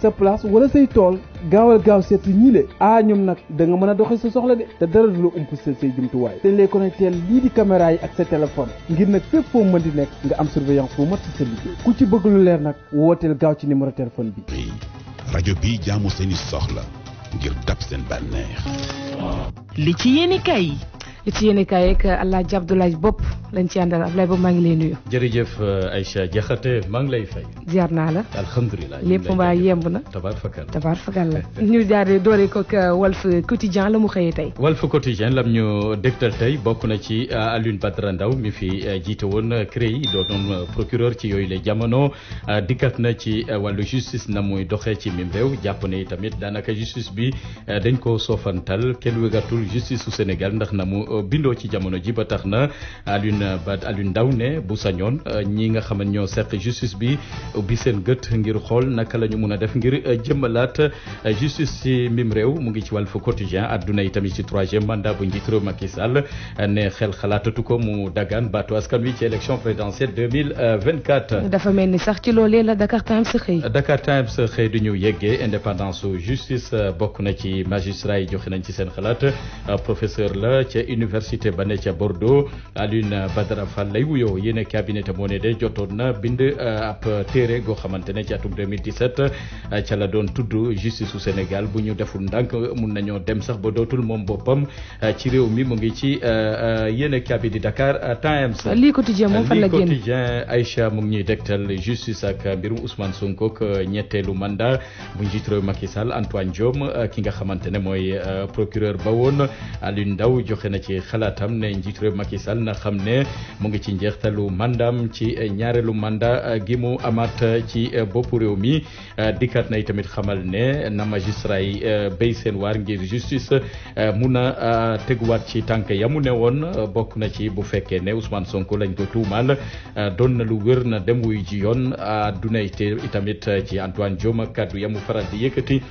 sa place wala say tool gaawal gaaw seet si ñii le ah ñoom nag danga mën a doxee sa soxla de te dara du la ump sa say jumtuwaay te ñu lay connecté lii di caméra yi ak sa téléphone ngir nag fépp foo mën di nekk nga am surveillance bu si sa liggéey ku ci bëgg lu leer nag wooteel gaaw ci numéro téléphone bi rajo bi jaamu seeni soxla ngir dab seen bànneex li ci yéeni kay li ci yéeni kay ak Alaaji Abdoulaye Bopp lañ ci àndal Ablaye ba maa ngi lay nuyu. jërëjëf euh, Aïcha Diakhaté maa ngi lay fay. ziar naa la. alhamdulilah lépp mbaa yemb na. tabaar fakal tabaar la. ñu jaar doore ko ak euh, Walf Quotidien la mu xëyee tey. Walf Quotidien lam ñu dégtal tey bokk na ci euh, Alioune Badara ndaw mi fi jiite woon CREI doonoon procureur ci yooyu la jamono dikkat na ci wàllu justice na muy doxe ci mim réew jàpp ne tamit daanaka justice bi dañ ko soofantal kenn wégatul justice su Sénégal ndax na mu bindoo ci jamono ji ba tax na Alioune euh, ba Alioune Ndao ne bu sañoon euh, ñi nga xam ne ñoo seq justice bi ubbi seen gët ngir xool naka la ñu mun a def ngir euh, jëmmalaat justice ci mim réew mu ngi ci Walf Quotidien adduna yi tamit ci troisième mandat bu njiit réew Macky Sall ne xel xalaatatu ko mu dagaan baatu askan wi ci élection présidentielle 2024. dafa mel ni sax ci loolee la Dakar Times xëy. Dakar Times xëy du ñu yeggee indépendance su justice bokk na ci magistrat yi joxe nañ ci seen xalaat professeur la ca université ba ne ca Bordeaux Alioune Badara Fall lay wuyoo yéen cabinet moo ne de jotoon na bind euh, ab téere goo xamante ne ci atum 2017 euh, ca la doon tudd justice su Sénégal bu ñu deful ndànk mun nañoo dem sax ba dootul moom boppam euh, ci réew mi mu ngi ci yéen cabinet Dakar Times. lii quotidien moom fan la génn lii quotidien Aïcha mu ngi ñuy dégtal justice ak mbirum Ousmane Sonko ak ñetteelu mu bu njiit réew Macky Sall Antoine Diome ki nga xamante ne mooy procureur ba woon Alioune Ndao joxe na ci xalaatam ne njiit réew na xam ne. mu ngi ci njeextalu mandam ci ñaareelu manda euh, gi mu amaat euh, ci euh, bopp réew mi dikkaat na tamit xamal ne na magistrat yi béy seen waar ngir justice mun a teguwaat ci tànk yamu ne woon bokk na ci bu fekkee ne Ousmane Sonko lañ ko tuumaal doon na lu wër na dem wuy ji yoon duna itamit ci Antoine joma kaddu yamu faral di yëkkati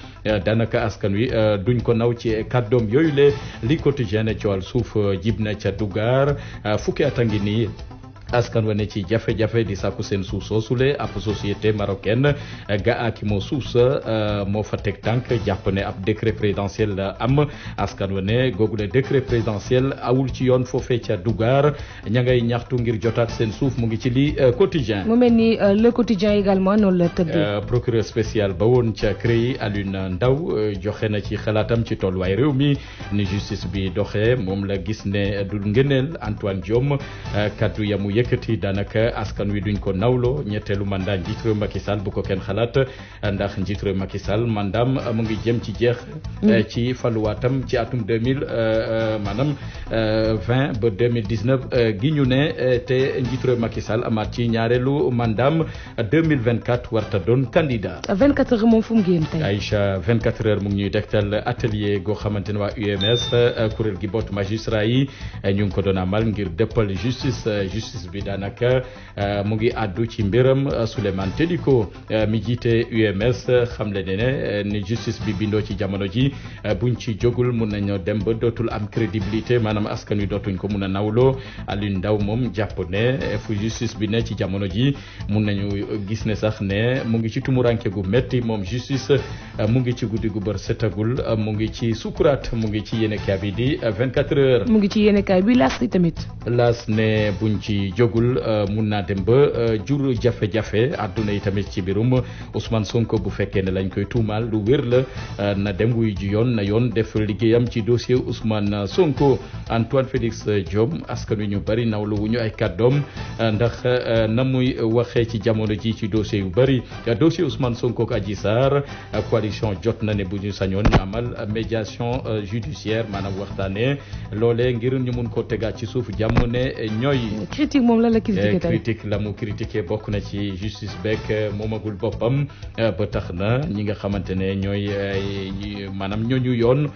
daanaka askan wi duñ ko naw ci kàddoom yooyu le li quotidien ci wàllu suuf jib na ca Dugar fukki at ngi nii askan wa ne ci jafe-jafe di sàkku seen suuf soosule ab société marocaine ga aki moo suuf sa euh, moo fa teg tànk jàpp ne ab décret présidentiel la am askan wa ne googule décret présidentiel awul ci yoon foofee ca Dougar ña ngay ñaxtu ngir jotaat seen suuf mu ngi ci li euh, quotidien mu mel ni euh, le quotidien également noonu la tëdd procureur spécial ba woon ca CREI Alioune Ndao joxe na ci xalaatam ci tolluwaay réew mi ni justice bi doxe moom la gis ne du ngëneel Antoine Diome kaddu yamu yëkkati daanaka askan wi duñ ko nawloo ñetteelu mandat njiit réew Macky bu ko kenn xalaat ndax njiit réew Macky Sall mandaam mu ngi jëm ci jeex. Mm. Eh, ci faluwaatam ci atum deux mille euh, euh, maanaam euh, vingt ba deux mille dix neuf gi ñu ne te njiit réew Macky Sall amaat ci ñaareelu mandaam deux mille vingt quatre warta doon candidat. vingt quatre heures moom fu mu génn tey. Aïcha mu ngi ñuy dektal atelier goo xamante ne waa UMS kuréel gi boot magistrat yi ñu ngi ko doon amal ngir dëppal justice justice. News bi daanaka euh, mu ngi àddu ci mbiram euh, Souleymane Téliko euh, mi jiite UMS xamle ne ne ni justice bi bindoo ci jamono ji buñ ci jógul mun nañoo dem ba dootul am crédibilité maanaam askan wi dootuñ ko mun a nawloo Alioune Ndao moom jàpp ne fu justice bi ne ci jamono ji mun nañu gis ne sax ne mu ngi ci tumuranke gu métti moom justice mu ngi ci guddi gu bër setagul mu ngi ci sukurat mu ngi ci yéenekaay bi di 24 heures. mu ngi ci yéenekaay bi ne buñ jógul euh, mun naa dem ba euh, jur jafe-jafe àdduna yi tamit ci mbirum Ousmane Sonko bu fekkee ne lañ koy tuumaal lu wér la euh, na dem wuy ji yoon na yoon def liggéeyam ci dossier Ousmane Sonko Antoine Félix Diome askan wi ñu bëri nawlu wu ñu ay kaddoom ndax na muy waxee ci jamono ji ci dossier yu bëri dossier Ousmane Sonko ak Adji Sarr coalition jot na ne bu ñu sañoon ñu amal médiation judiciaire maanaam waxtaanee loolee ngir ñu mun ko tegaat ci suuf jam ne ñooy. moom la la critiqué eh, tamit critique la mu bokk na ci justice beeg eh, moomagul boppam eh, ba tax na ñi nga xamante ne ñooy maanaam ñooñu yoon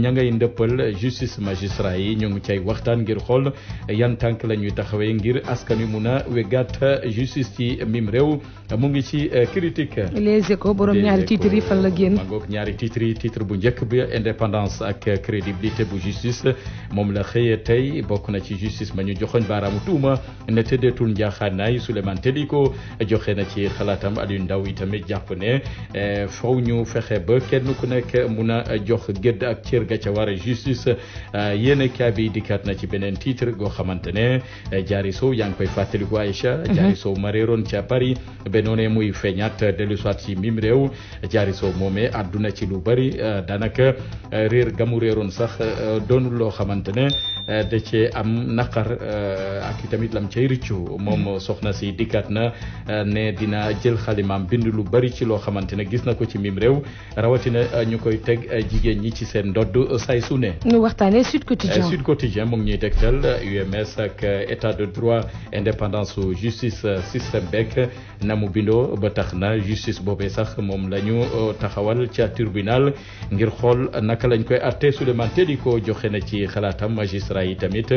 ña ngay ndëppal justice magistrat yi ñu ngi cay waxtaan ngir xool yan tànk la ñuy taxawee ngir askan wi mun a weggaat justice ci mim réew mu ngi ci critique les échos borom ñaari titres yi fan la génn mangoog ñaari yi titre bu njëkk bi indépendance ak crédibilité bu justice moom la xëyee tey bokk na ci justice ma ñu joxoñ baaraamu tuuma ne tëddeetul njaaxaanaay Souleymane Teliko joxe na ci xalaatam Aliou Ndao itamit jàpp ne eh, fow ñu fexe ba kenn ku nekk mun a jox gëdd ak cër ga ca war a justice eh, yéen kaa bi na ci beneen titre goo xamante ne eh, Diary Sow yaa ngi koy fàttaliku Aïcha mhm. Diary Sow ma réeroon ca Paris ba noonee muy feeñaat dellu soit ci mim réew Diary Sow moomee àdduna ci lu bari daanaka réer gamu réeroon sax doonul loo xamante ne Eh, da ce am naqar eh, ak itamit lam cay rëccu moom mm-hmm. soxna si dikkaat na eh, ne dina jël xalimaam bind lu bari ci loo xamante ne gis na ko ci mim réew rawatina ñu koy teg jigéen ñi ci seen ndodd say su ne. ñu waxtaanee Sud Quotidien mu ngi ñuy tegtal UMS ak état de droit indépendance su justice système beeg na mu bindoo ba tax na justice boobee sax moom lañu ñu taxawal ca tribunal ngir xool naka lañ koy atte Souleymane Teliko joxe na ci xalaatam magistrat magistrat yi tamit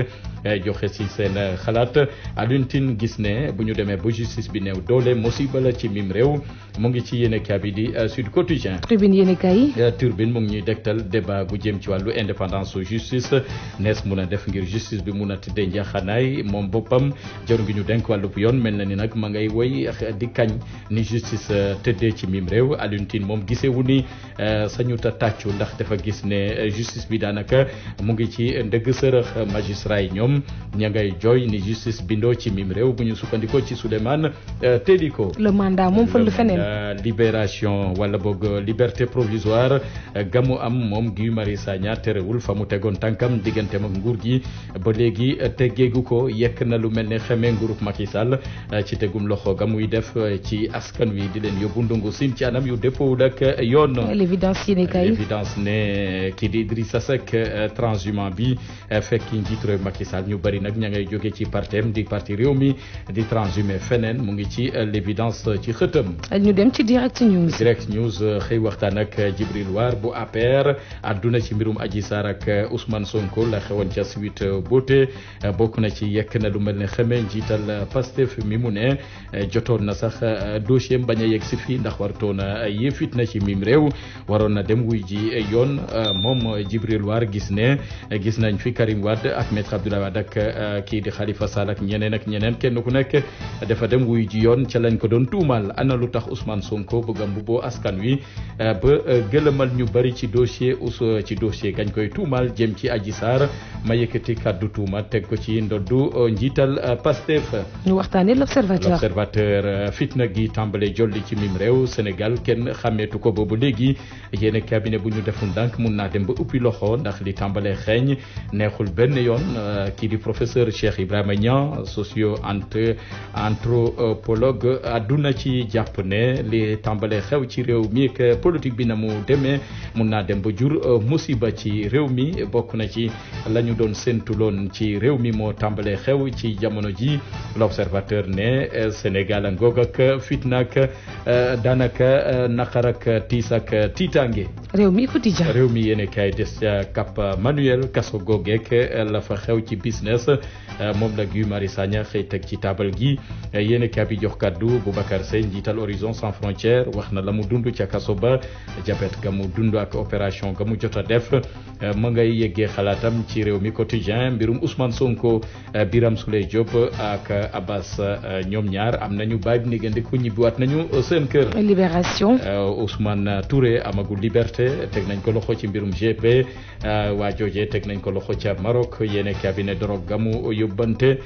eh, joxe si eh, xalaat Alioune gis ne bu ñu demee ba justice bi néew doole musiba la ci mim réew mu ngi ci yéene kaay bi di eh, Sud Quotidien. Turbine yéene kaay. Turbine mu ngi ñuy dégtal débat gu jëm ci wàllu indépendance su justice nees mun a def ngir justice bi mun a tëddee njaxanaay moom boppam jor ngi ñu denk wàllu yoon mel na ni nag ma ngay woy di kañ ni justice tëddee ci mim réew Alioune Tine moom gisewu ni sañu ta tàccu ndax dafa gis ne justice bi daanaka mu ngi ci ndëgg sërëx def magistrat yi ñoom ña ngay jooy ni justice bindoo ci mim réew bu ñu sukkandikoo ci Souleymane euh, Téliko le mandat moom fël feneen libération wala boog liberté provisoire euh, gamu am moom Guy Marius Sagna terewul fa mu tegoon tànkam digganteem ak nguur gi ba léegi euh, teggeegu ko yekk na lu mel ne xeme nguurub Macky Sall ci tegum loxo ga muy def ci askan wi di leen yóbbu ndungu sim ci anam yu dëppoowul yoon l'évidence ne kii di Idrissa bi tekki njiit réew Macky Sall ñu bëri nag ña ngay jóge ci partem di parti réew mi di transhumé e feneen mu ngi ci e, l'évidence ci xëtëm. ñu e, dem ci direct news. direct news xëy waxtaan ak Djibril waar bu APR adduna ci mbirum Adji Sarr ak Ousmane Sonko la xewoon ca suite boote bokk na ci yekk na lu mel ne xamee njiital Pastef mi mu ne jotoon na sax dossier bañ a yegg si fii ndax wartoon yëfit na ci mim réew waroon na dem wuy ji yoon moom Djibril War gis ne gis nañ Wade ak maître Abdoulaye Wade ak euh, kii di Khalifa Sall ñeneen ñeneen kenn ku nekk dafa dem wuy ji yoon ca lañ ko doon tuumal ana lu tax Ousmane Sonko bëgg a mbubboo askan wi euh, ba euh, gëlëmal ñu bari ci dossier us ci dossier gañ koy tuumal jëm ci aji Sarr ma yëkkati kaddu tuuma teg ko ci ndoddu njiital Pastef. ñu waxtaanee l'observateur l'observateur fitna gi tàmbalee jolli ci mim réew Sénégal kenn xàmmeetu ko boobu léegi yéen cabinet bu ñu defoon ndànk mun naa dem ba uppi loxo ndax li tàmbalee xeeñ neexul benn yoon euh, kii di professeur Cheikh Ibrahima Niang socio anthropologue adduna ci jàpp ne li tàmbalee xew ci réew mi ak politique bi na mu demee mun naa dem ba jur euh, musiba ci réew mi bokk na ci lañu ñu doon séntuloon ci réew mi moo tàmbalee xew ci jamono ji l'observateur ne euh, Sénégal ngoog ak fitna ak daanaka naqar ak tiis ak tiitaange. réew mi quotidien réew mi yéen kay des Cap Manuel kaso googeek la fa xew ci business euh, moom la Guy mari Sagna xëy teg ci taabal gi euh, yéen a kaabi jox kàddu Boubacar Sène njiital Horizon sans frontières wax na la mu dund ca kaso ba jabet ga mu dund ak opération ga mu jot a def Eh, ma ngay yeggee xalaatam ci réew mi quotidien mbirum Ousmane Sonko eh, Biram Souley Diop ak Abbas eh, ñoom ñaar am nañu bàyyi bu négandiku ñibbiwaat nañu seen kër. Libération Ousmane Touré amagul liberté teg nañ ko loxo ci mbirum GP waa jooje teg nañ ko loxo ca Maroc yéen cabinet dorog gamu yóbbante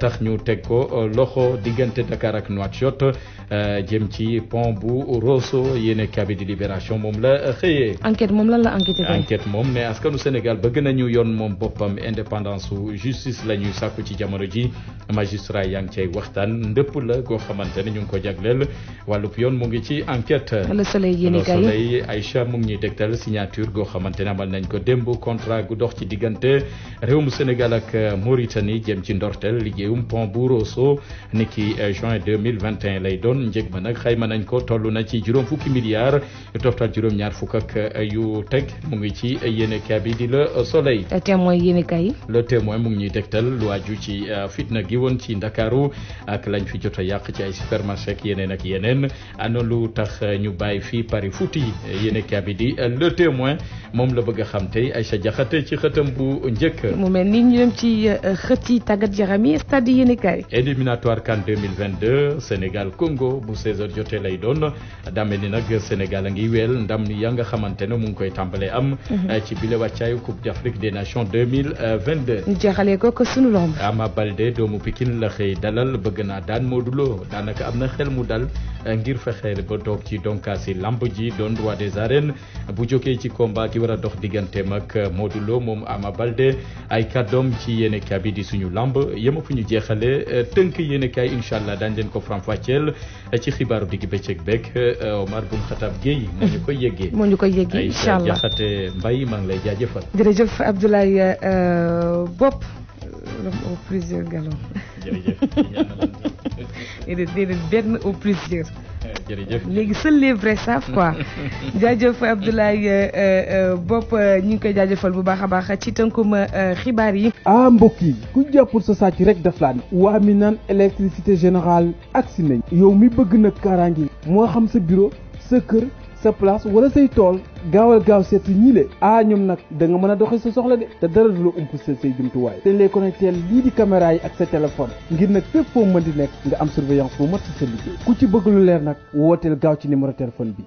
tax ñu teg ko loxo diggante Dakar ak Nouakchott jëm ci pont bu Rosso yéen cabinet di moom la xëyee. enquête moom lan la enquête moom ne askanu Sénégal bëgg nañu yoon moom boppam indépendance su justice la ñuy sàkku ci jamono ji magistrat yaa ngi cay waxtaan ndëpp la goo xamante ne ñu ngi ko jagleel wala yoon mu ngi ci enquête. Le Soleil yéen i Aïcha mu ngi ñuy tegtal signature goo xamante ne amal nañ ko démb contrat gu dox ci diggante réew mu Sénégal ak euh, Mauritanie jëm ci ndorteel liggéeyum pont bu Rosso ni ki euh, juin 2021 lay doon njëg ma nag xayma nañ ko toll na ci juróom fukki milliards toftal juróom ak euh, yu teg mu ngi ci yéen yéenekaay bi di Le Soleil. témoin yéenekaay yi. Le témoin mu ñuy tegtal lu aju ci euh, fitna gi woon ci Ndakaaru ak lañ fi jot a yàq ci ay supermarché ak yeneen ak yeneen ana lu tax euh, ñu bàyyi fii Paris Fouti euh, yéenekaay bi di Le témoin moom la bëgg a xam tey Aïcha Diakhaté ci xëtam bu njëkk. mu me ni ñu dem ci xët yi tàggat yaram yi stade yéenekaay. éliminatoire CAN 2022 Sénégal Congo bu 16h jotee lay doon daa mel ni nag Sénégal a ngi weel ndam ya nga xamante ne mu ngi koy tàmbale am. Mhm. wàccaayu coupe d'Afrique des nations 2022. jeexalee ko ko sunu lomb. Ama Baldé doomu Pikine la xëy dalal bëgg naa daan Modou daanaka am na xel mu dal eh, ngir fexe ba toog ci si lamb ji doon roi des arènes bu jogee ci combat gi war a dox digganteem ak Modou Lo moom Ama Baldé ay kàddoom ci yéen a bi di suñu lamb yema fu ñu jeexalee eh, tënk yéen a kaay incha allah daañu leen ko faram-fàcceel eh, ci xibaaru digg bëccëg beeg Omar Bun Xataab Guèye. moo ñu koy yëggee moo ñu koy yëggee incha allah jaajëfal. jërëjëf Abdoulaye euh, Bopp. Euh, au plusieurs galons. benn au plusieurs. jërëjëf léegi seuls les vrais savent quoi jaajëf Abdoulaye euh, Bopp ñu ngi koy jaajëfal bu baax a baax ci tënkum xibaar yi. ah mbokk yi ku jàppul sa sàcc rek daf laa ne. waa mi naan électricité générale agsi nañ. yow mi bëgg nag kaaraange moo xam sa bureau sa kër. sa place wala say tool gaawal gaaw seet si ñii le ah ñoom nag da nga mën a doxee sa soxla de te dara du la ump sa say jumtuwaay te ñu lay connecté lii di caméra ak sa téléphone ngir nag fépp foo mën di nekk nga am surveillance bu si sa liggéey ku ci bëgg leer nag wooteel gaaw ci numéro téléphone bi